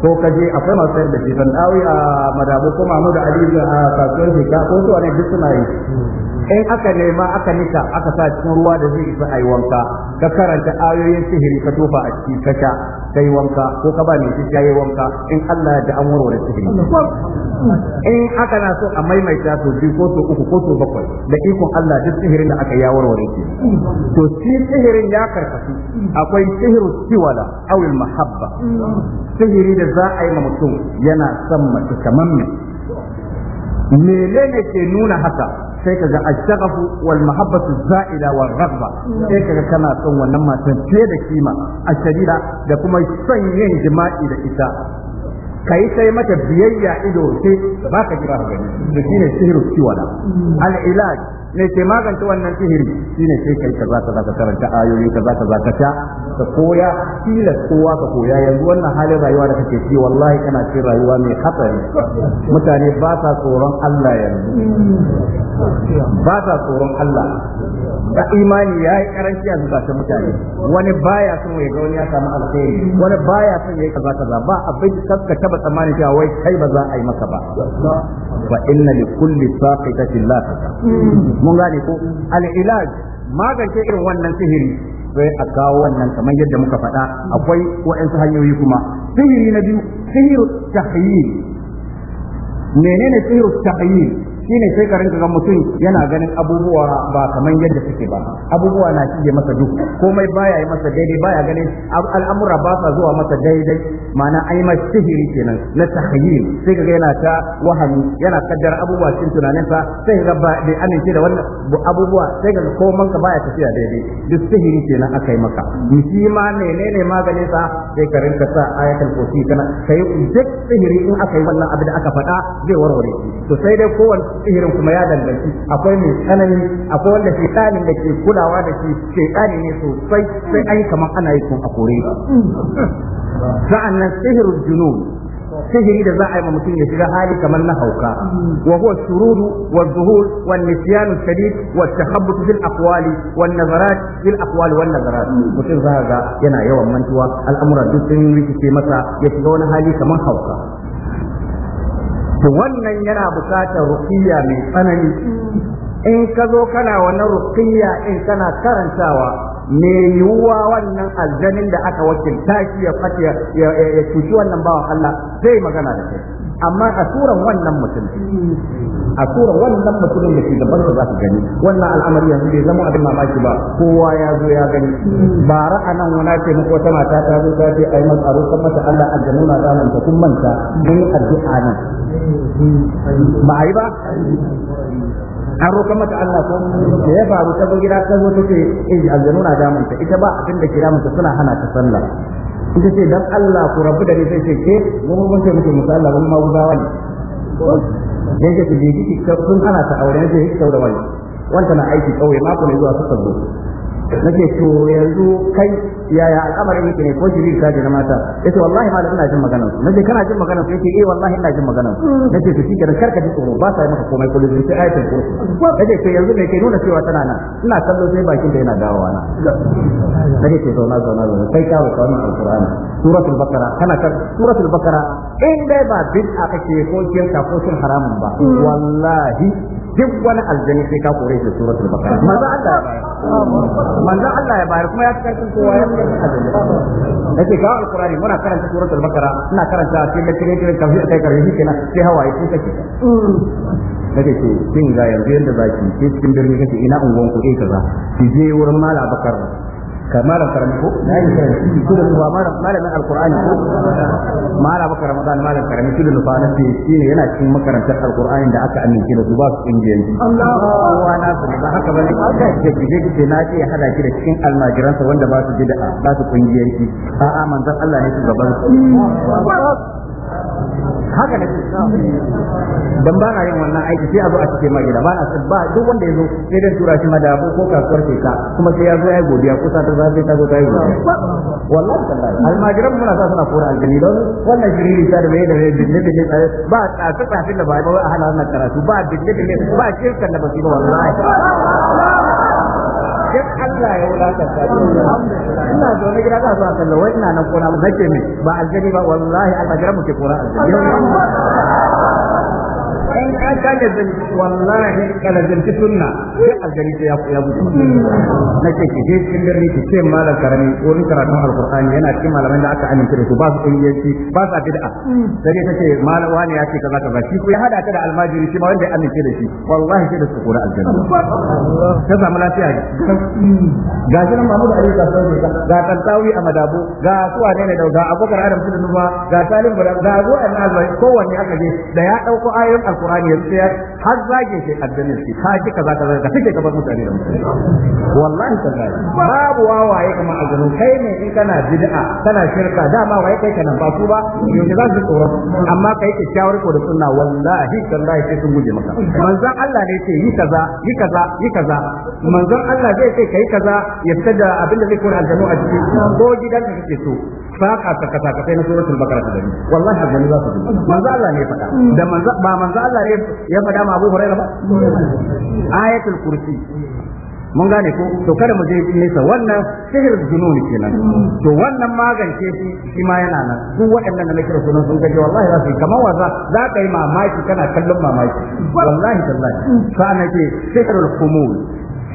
ko ka je akwai masu sayar da jifan dawi a madabu ko mamu da ali a kasuwar jika ko zuwa ne duk suna yi in aka nema aka nika aka sa cikin ruwa da zai isa yi wanka ka karanta ayoyin sihiri ka tofa a cikin kasha ka yi wanka ko ka ba mai shi ya yi wanka in Allah da an warware sihiri in aka na so a maimaita to biyu ko to uku ko to bakwai da ikon Allah duk sihirin da aka ya warware shi to shi sihirin ya karkasu akwai sihirin siwala awil mahabba sihiri da za a yi ma mutum yana son mace kamar me menene ke nuna haka sai ka ga ashagafu wal mahabbatu wal raghba sai ka ga kana son wannan matan fiye da kima a shari'a da kuma son yin jima'i da ita kai sai mata biyayya ido sai ba ka jira gani da ne sihiru kiwala al ilaj ne ke magance wannan sihiri shine sai kai kaza kaza ka karanta ayoyi kaza kaza ka ta ka koya kila kowa ka koya yanzu wannan halin rayuwa da kake ci wallahi kana cikin rayuwa mai hatsari mutane ba sa tsoron Allah yanzu ba sa tsoron Allah da imani ya yi karanci a zukatan mutane wani baya son ya ga wani ya samu alkhairi wani baya son ya yi kaza kaza ba abin da ka taba tsammani cewa wai kai ba za a yi maka ba fa inna li kulli saqiqatin la mun gane ko al ilaj magance irin wannan sihiri sai a kawo wannan kamar yadda muka faɗa akwai waɗansu hanyoyi kuma sihiri na biyu sihiru tahyil menene sihiru tahyil shine sai ka ga mutum yana ganin abubuwa ba kamar yadda suke ba abubuwa na cije masa duk komai baya yi masa daidai baya ganin al'amura ba sa zuwa masa daidai ma'ana ai ma sihiri kenan na tahayyul sai ka ga yana ta wahami yana kaddara abubuwa cikin tunaninsa sai ka ba bai amince da wannan abubuwa sai ga koman ka baya tafiya daidai duk sihiri kenan aka yi maka shi ma menene maganin sa sai ka rinka sa ayatul kursi kana kai duk sihiri in aka yi wannan abin da aka faɗa zai warware to sai dai kowanne sihirin kuma ya danganci akwai mai tsanani akwai wanda shaytanin da ke kulawa da shi shaytani ne sosai sai ai kamar ana yi kun a kore sa'annan sihirin junu. sihiri da za a yi ma mutum ya shiga hali kamar na hauka wa huwa shurudu wa zuhur wa nisyan shadid wa fil aqwali wan nazarat fil aqwali nazarat mutum za ga yana yawan mantuwa al'amura duk sun rikice masa ya shiga wani hali kamar hauka to wannan yana bukatar ruqiyya mai tsanani in ka zo kana wannan ruqiyya in kana karantawa me yiwuwa wannan aljanin da aka wakilta shi ya fati ya cuci wannan bawan Allah zai magana da kai amma a suran wannan mutum a suran wannan mutumin da shugaban ka za su gani wannan al'amari yanzu bai zama abin mamaki ba kowa ya zo ya gani ba ra'a nan wani ce muku wata mata ta zo ta ce ai masa aro kan mata Allah aljanu na damun ta kun manta mun addu'a nan ba ai ba an roƙa mata Allah ko da ya faru ta gida ta zo ce eh aljanu na damun ta ita ba abin da ke damun ta suna hana ta sallah in ce dan Allah ku rabu da ni sai ce ke mu mun ce muke musa Allah mun ma ne dan ke ji ki sun ana ta aure ne sai da wani wanda na aiki ma mako ne zuwa suka zo nake to yanzu kai yaya al'amarin yake ne ko jibril ka ji na mata yace wallahi malam ina jin magana. su ce kana jin magana su yace eh wallahi ina jin magana. su hmm. ce to shikenan karka ji tsoro ba sa yi maka komai ko lizin sai ayatul kursi ce to yanzu me ke nuna cewa tana nan ina kallo sai bakin da yana dawowa na nake to zauna zauna zauna kai ka ba wannan alqur'ani suratul baqara kana kar suratul baqara in dai ba bid'a kake ko shirka ko shin haramun ba hmm. wallahi duk wani aljani sai ka kore shi suratul baqara manzo Allah manzo Allah ya bayar kuma ya fi karfin kowa ya fi karfin aljani yace ka alqur'ani muna karanta suratul baqara ina karanta sai da kire kire kafin sai shi kenan sai hawaye sun kace kake ce kin ga yanzu yanda zaki ke cikin birni kace ina unguwan ku eh kaza ki je wurin mala bakar kamar karami ko na yi karami ko da kuma malamin alkur'ani ko mala baka ramadan malam karami tudu nufa na ce shi ne yana cikin makarantar alkur'ani da aka amince da su ba su kungiyanci kowa na su ba haka bane aka ce ki je ki na ce ya hada ki da cikin almajiransa wanda ba su bid'a ba su kungiyanci a'a manzon Allah ne shugaban su mm. haka ne dan ba na yin wannan aiki sai a zo a cike ma gida ba na ba duk wanda ya sai dan tura shi madafu ko kasuwar ka kuma sai ya zo ya godiya ko sa ta zafi ta zo ta yi godiya wallahi tallahi almajiran muna sa suna kora aljani don wannan shiriri ta da mai da mai binne binne tsare ba a tsafin da ba a hana wannan karatu ba binne binne ba shirkan da ba su ba wallahi dan Allah ya wulakanta ina zo na gida ka zuwa kalla wai ina nan kona mu nake ne ba aljani ba wallahi al'ajaran mu ke kora aljani in ka ka da zan wallahi kana da sunna sai aljari ya ya gudu na ce ki je cikin birni ki ce malam karami ko ni karatu alqur'ani yana cikin malaman da aka amince da su ba su yanki, ba sa bid'a sai ta ce malam wani ya ce kaza kaza shi ko ya hada ta da almajiri shi ma wanda ya amince da shi wallahi sai da su kura aljanna ta samu lafiya ga shi nan Mahmud Ali ka sauke ga tantawi a madabu ga suwa ne da ga abubakar adam su da nufa ga salim ga zuwa ko albai kowanne aka je da ya dauko ayoyin alqur'ani ya tsaya har zage shi addinin shi ka ji kaza kaza ka fike gaban mutane da mutane wallahi tallahi babu wawaye kamar aljanu kai ne in kana bid'a kana shirka dama waye kai kana ba su ba yanzu za su tsoro amma kai ke shawar ko da sunna wallahi tallahi sai sun guje maka manzon Allah ne ce yi kaza yi kaza yi kaza manzon Allah zai ce kai kaza ya tada abinda zai kore aljanu a jiki ko gidan ka kake so saka ka saka sai na suratul bakara da ni wallahi aljanu za su manzo Allah ne faɗa da manzo ba manzo Allah ne ya faɗa ma Abu Hurairah ba ayatul kursi mun gane ko to kada mu je nesa wannan sihir jununi kenan to wannan magance shi shi ma yana nan su waɗannan da nake sunan sun kaje wallahi za su kamar wasa za ka yi mamaki kana kallon mamaki wallahi tallahi kana ce sihirul kumul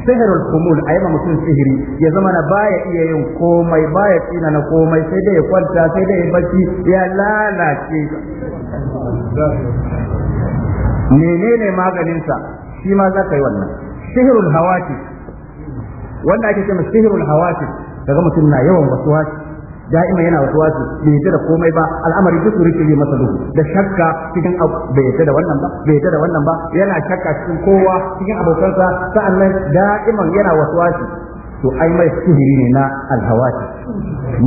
sihirul kumul a ma mutum sihiri ya zama na baya iya yin komai baya tsina na komai sai dai ya kwanta sai dai ya bacci ya lalace menene maganinsa shi ma za ka yi wannan sihirul hawati wanda ake cewa sihirul hawati daga mutum na yawan wasuwasi da'ima yana wasuwasi bai yadda da komai ba al'amari duk rikiri masa duhu da shakka cikin abu bai yi da wannan ba bai da wannan ba yana shakka cikin kowa cikin abokansa sa'annan da'iman yana wasuwasi to ai mai sihiri ne na alhawati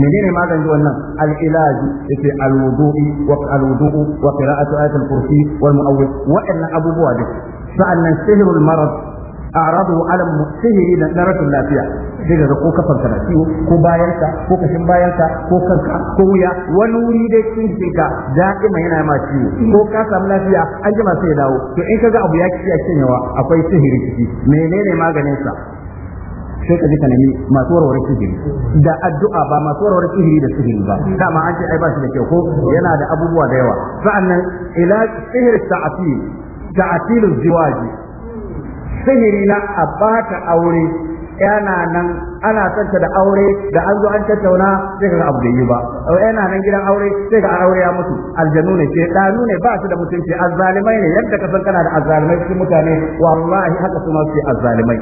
menene maganin wannan al-ilaj yace al-wudu'i wa al-wudu'u wa qira'atu ayatul kursi wal mu'awwid wa'annan abubuwa da sa'annan sihirul marad a'radu ala sihiri da daratul lafiya sai daga ko kafan ka ciwo ko bayan ka ko kashin bayan ka ko kanka ko wuya wani wuri dai cikin jikinka da'ima yana ma ciwo ko ka samu lafiya an jima sai ya dawo to in kaga abu ya kiyaye yawa akwai sihiri ciki menene maganin sa sai ka ji ka nemi masu warware sihiri da addu'a ba masu warware sihiri da sihiri ba dama an ce ai ba shi da kyau ko yana da abubuwa da yawa sa'annan ila sihir ta'atil ta'atilul ziwaji sihiri na abata aure yana nan ana santa da aure da an zo an tattauna sai ga abu da yi ba yana nan gidan aure sai ga aure ya mutu aljanu ne sai danu ne ba su da mutunci azzalimai ne yadda ka san kana da azzalimai su mutane wallahi haka su su azzalimai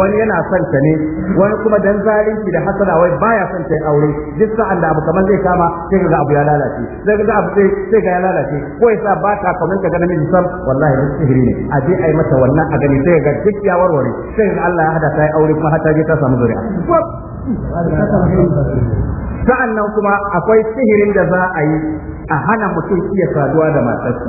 wani yana santa ne wani kuma dan zalunci da hasada wai baya son ta aure duk sa'an da abu kamar zai kama sai ga abu ya lalace sai ga abu sai sai ga ya lalace ko sa ba ta kamar ka ga namiji sam wallahi ne sihiri ne a je ai mata wannan a gani sai ga duk ya warware sai ga Allah ya hada ta aure kuma har ta je ta samu zuri'a sa'an nan kuma akwai sihirin da za a yi a hana mutum iya saduwa da matarsa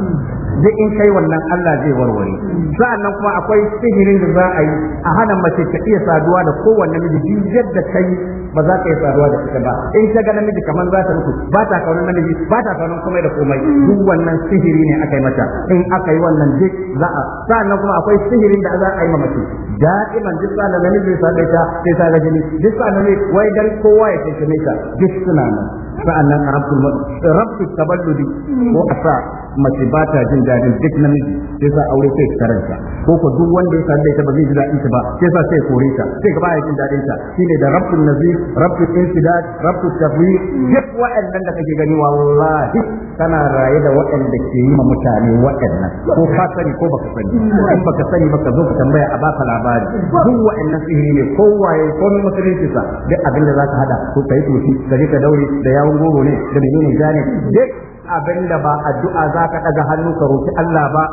duk in kai wannan Allah zai warware sa'an nan kuma akwai sihirin da za a yi a hana mace ta iya saduwa da kowanne miji duk yadda kai ba za ka yi faruwa da ita ba in ta ga namiji kamar za ta mutu ba ta kaunar namiji ba ta kaunar komai da komai duk wannan sihiri ne aka yi mata in aka yi wannan duk za a sa'an kuma akwai sihirin da za a yi ma mace da'iman duk sa nan namiji sa da ita sai ta ga jini duk sa nan wai dan kowa ya kai ta duk suna nan nan rabbul rabbul taballudi ko asa mace ba ta jin daɗin duk namiji sai sa aure sai karanta ko ko duk wanda ya sanda ita ba zai ji daɗin ta ba sai sa sai kore ta sai ga ya jin daɗin ta shine da rabbul nazir rabbul insidad rabbul tafwid duk waɗannan da kake gani wallahi kana raye da waɗanda ke yi ma mutane waɗannan ko ka sani ko baka sani in baka sani baka zo ka tambaya a baka labari duk waɗannan sihiri ne kowaye komai musulunci sa duk abin da zaka hada ko kai toshi da je ka daure da yawon goro ne da menene gane duk Abin da ba addu'a za ka daga hannu ka roki Allah ba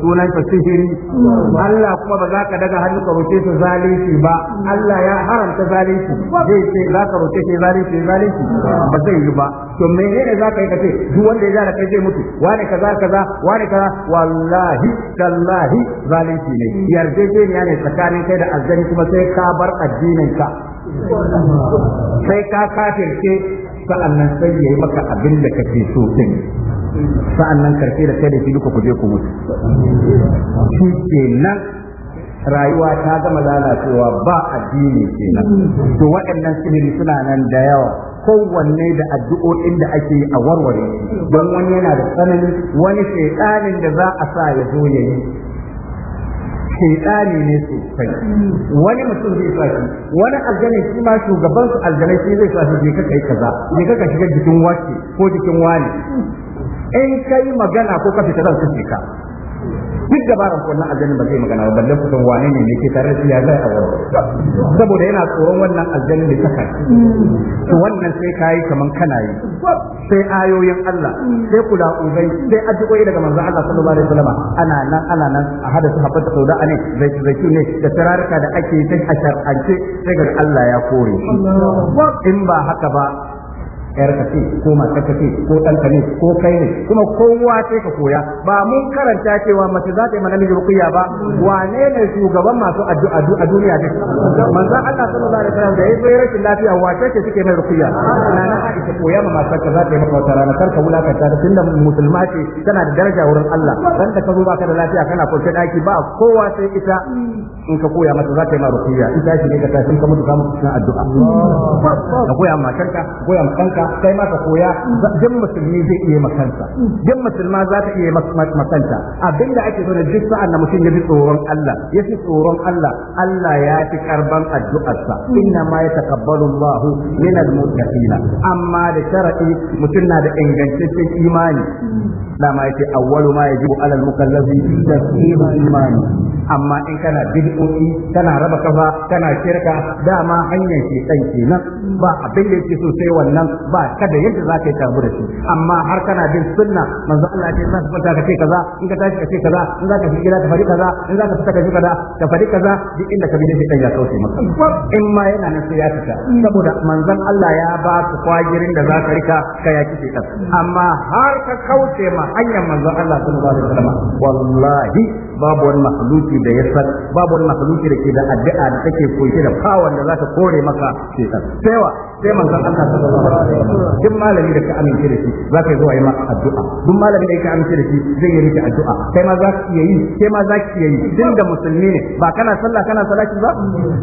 sunan ka sihiri Allah kuma ba za ka daga hannu ka roke su zalunci ba Allah ya haramta zalunci zai ce za ka roke shi zalunci zalunci ba zai yi ba to menene za ka yi kace duk wanda ya zara kai zai mutu wani kaza kaza wani kaza wallahi tallahi zalunci ne yarjejeniya ne tsakanin kai da azzani kuma sai ka bar addinin ka sai ka kafirce sa'annan sai yi maka abin da kake so din sa'annan karfe da kai da shi duka ku je ku mutu shi kenan rayuwa ta gama lalacewa ba addini kenan to waɗannan sihiri suna nan da yawa kowanne da addu'o'in da ake yi a warware don wani yana da tsanani wani tsarin da za a sa ya zo ya yi shaitani ne sosai wani mutum zai sa shi wani aljana shi ma shugaban su aljana shi zai sa shi je ka kai kaza je ka shiga jikin wacce ko jikin wani in kai magana ko ka fita zan kace ka duk dabaran kullun aljanna ba zai magana ba balle kusan wane ne ne ke tare da ya zai aure saboda yana tsoron wannan aljanna da saka to wannan sai kai kaman kana yi sai ayoyin Allah sai kula ubai sai addu'o'i daga manzon Allah sallallahu alaihi wasallam ana nan ana nan a hada su habbata sauda ne zai zai ne da sararika da ake ta a shar'ance sai ga Allah ya kore in ba haka ba yarka ce ko matarka ce ko ɗanka ne ko kai ne kuma kowa sai ka koya ba mun karanta cewa mace za ta yi mana miji ruqiyya ba wane ne shugaban masu addu'a a duniya ne manzo Allah sallallahu alaihi wasallam da yayi bai rashin lafiya wace ce take mai ruqiyya na na Aisha koya ma matarka za ta yi maka wata rana karka wulakanta ta tunda musulma ce tana da daraja wurin Allah dan da ka zo baka da lafiya kana kwance daki ba kowa sai ita in ka koya mata za ta yi ma ruqiyya ita shi ne ka tashi ka mutu ka mutu cikin addu'a ka koya ma matarka koya ma kanka koya kai ma ka koya duk musulmi zai iya makanta. duk musulma za ta iya makanta abinda ake so da duk sa'an da mutum ya fi tsoron Allah ya fi tsoron Allah Allah ya fi karban addu'arsa inna ma yataqabbalu Allahu min al-muttaqina amma da shar'i mutum na da ingantaccen imani dama yake awwalu ma yajibu ala al-mukallafi tasdiqu imani amma in kana bid'o'i kana raba kafa kana shirka dama hanyar ɗan kenan ba abin da yake so sai wannan ba kada yadda za ka yi karbu da shi amma har kana bin sunna manzo Allah ya ce za ka kwanta ka ce kaza in ka tashi ka ce kaza in za ka shiga gida ka faɗi kaza in za ka fita ka ji kaza ka faɗi kaza duk inda ka bi da shi ya kauce maka in ma yana nan sai ya fita saboda manzon Allah ya ba su kwagirin da za ka rika ka yaki shi amma har ka kauce ma hanyar manzon Allah sallallahu alaihi wasallam wallahi babu wani makhluki da ya san babu wani makhluki da ke da addu'a da take koyi da power da za ta kore maka shaitan sai wa sai san Allah sallallahu alaihi wasallam duk malami da ka amince da shi za ka zo yi maka addu'a duk malami da ka amince da shi zai yi miki addu'a kai ma za ka iya yi kai ma za ka iya yi din da musulmi ne ba kana sallah kana salati ba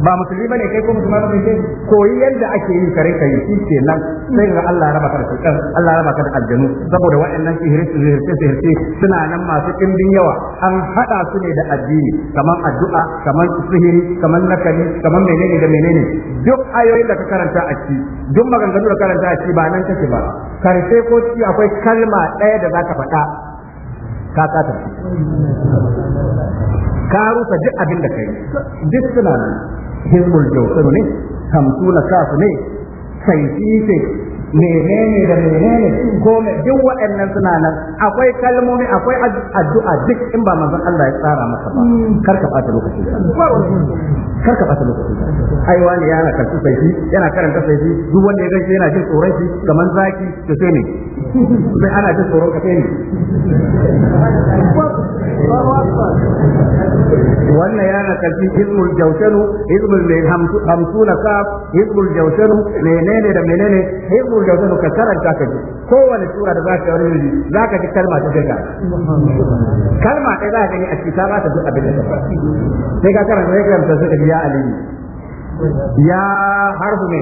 ba musulmi bane kai ko musulmi bane kai koyi yadda ake yi kare kai shi nan? sai ga Allah ya raba ka da shaitan Allah ya raba ka da aljanu saboda wa'annan sihirce sihirce suna nan masu ɗimbin yawa an haɗa su ne da addini kamar addu'a kamar sihiri kamar nakali kamar menene da menene duk ayoyin da ka karanta a ci duk maganganu da karanta a ci ba nan kake ba karshe ko ci akwai kalma ɗaya da za ka faɗa ka kasa ka rusa duk abin da kai duk suna nan hizbul jawsar ne hamsuna kafu ne sai sai menene da menene ko duk waɗannan suna nan akwai kalmomi akwai addu'a duk in ba manzon Allah ya tsara maka ba mm. kar ka bata lokaci kar ka bata lokaci ai wani yana karfi sai yana karanta sai duk wanda ya gaishe yana jin tsoron shi kamar zaki to sai ne sai ana jin tsoron ka sai ne wannan yana karfi hizbul jawshanu hizbul mai hamsuna kaf hizbul jawshanu menene da menene hizbul ibnu jawzan ka karanta ka ji kowane sura da zaka wani ji zaka ji kalma ta daga kalma ta zaka a cikin ta ta duk abin da ta faɗi sai ka karanta sai ka karanta sai ka ji ya aliyu ya harfu ne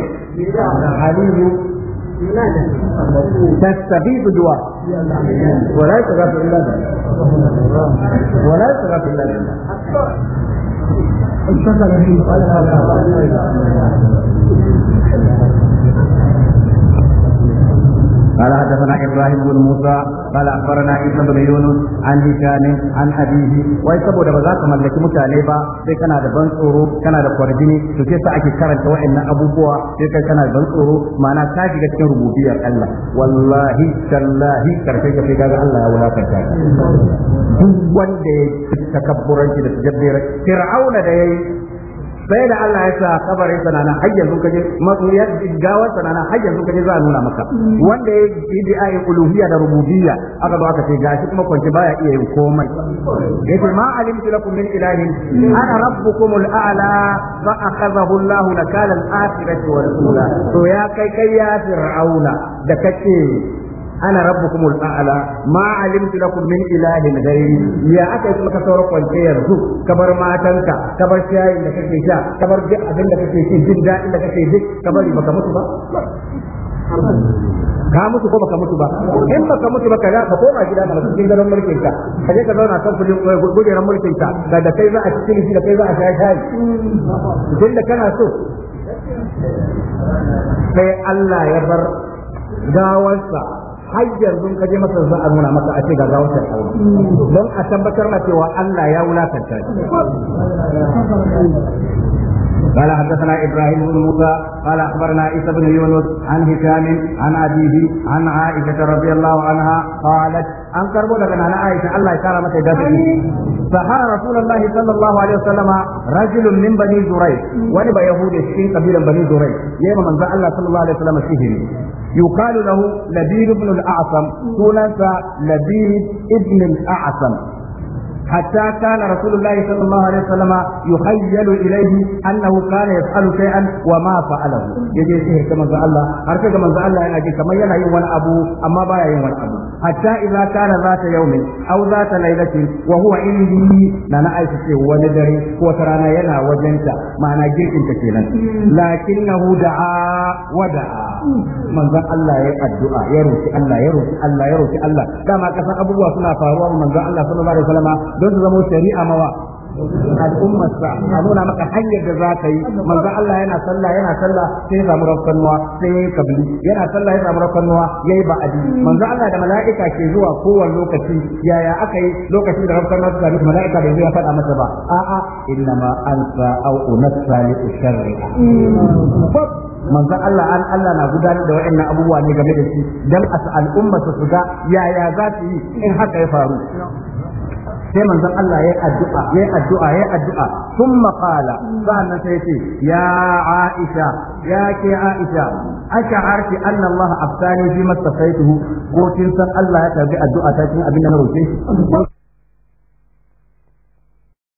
aliyu تستفيد دعاء ولا يستغاث الا بالله ولا يستغاث الا بالله قال حدثنا ibrahim بن musa قال اخبرنا عيسى بن يونس عن هشام عن ابيه wai saboda ba za ka mallaki mutane ba sai kana da ban tsoro kana da kwarjini to ke sa ake karanta waɗannan abubuwa sai kai kana da ban tsoro ma'ana ta shiga cikin rububiyar Allah wallahi tallahi karfe ka ga Allah ya wulakanta ka duk wanda ya takabburanci da sujjadar fir'auna da yayi sai da Allah ya sa kabarin sanana har yanzu kaje masoyar gawar sanana har yanzu kaje za a nuna maka wanda ya yi da ayi uluhiyya da rububiyya aka zo aka ce gashi kuma kwanci baya iya yin komai yace ma alimtu lakum min ilahin ana rabbukumul a'la fa akhadhahu Allah nakala al-akhirati wal ula to ya kai kai ya fir'auna da kace ana rabbukumul a'la ma alimtu lakum min ilahin ghairi ya aka yi maka sauran kwance yanzu kabar matanka kabar shayin da kake sha kabar duk abin da kake ci jin daɗin da kake ji kabar mutu ba ka mutu ko baka mutu ba in baka mutu ba kaza ka koma gida ka cikin garin mulkin ka ka je ka zauna kan kudin gujeran mulkin ka da da kai za a cikin shi da kai za a shayi shayi idan da kana so sai Allah ya bar gawarsa har yanzu ka je masa za a nuna masa a ce ga zawutar aure don a tabbatar na cewa Allah ya wulakanta shi قال حدثنا ابراهيم بن موسى قال اخبرنا عيسى بن يونس عن هشام عن ابيه عن عائشه رضي الله عنها قالت ان كربو daga nana Aisha Allah ya kara mata dafi sahara Rasulullah sallallahu alaihi rajulun min bani Zurayh wani ba yahudi cikin kabilan bani Zurayh yayin الله Allah sallallahu عليه وسلم sihiri يقال له لبيد بن الأعصم سنة لبيد ابن الأعصم حتى كان رسول الله صلى الله عليه وسلم يخيل إليه أنه كان يفعل شيئا وما فعله يجي فيه كما قال الله هرك كما قال الله يجي كما ينا يوم أبو أما بايا يوم أبو حتى إذا كان ذات يوم أو ذات ليلة وهو عندي نانا عايش فيه وندري وترانا ينا وجنتا معنى جيك انت كينا لكنه دعا ودعا من ذا الله يدعى يروي الله يروي الله يروي الله دام كسا أبوه سنا فاروا من ذا الله صلى الله عليه وسلم don su zama shari'a mawa al'ummarsa a nuna maka hanyar da za ka yi manzo Allah yana sallah yana sallah sai ya samu rafkanuwa sai ya yi kabli yana sallah ya samu rafkanuwa ya yi ba'adi manzo Allah da mala'ika ke zuwa kowane lokaci yaya aka yi lokacin da rafkanuwa ta sami mala'ika bai ya faɗa masa ba a'a inna ma ansa au unassa li usharri'a manzon Allah an Allah na gudanar da wa'annan abubuwa ne game da shi dan as al'ummarsa su ga yaya za su yi in haka ya faru sai manzon Allah ya addu'a ya addu'a ya addu'a thumma qala sannan sai ce ya Aisha ya ke Aisha ash'arti anna Allah afsani fi ma tafaituhu ko kin san Allah ya tarbi addu'a ta cin abin da na roke shi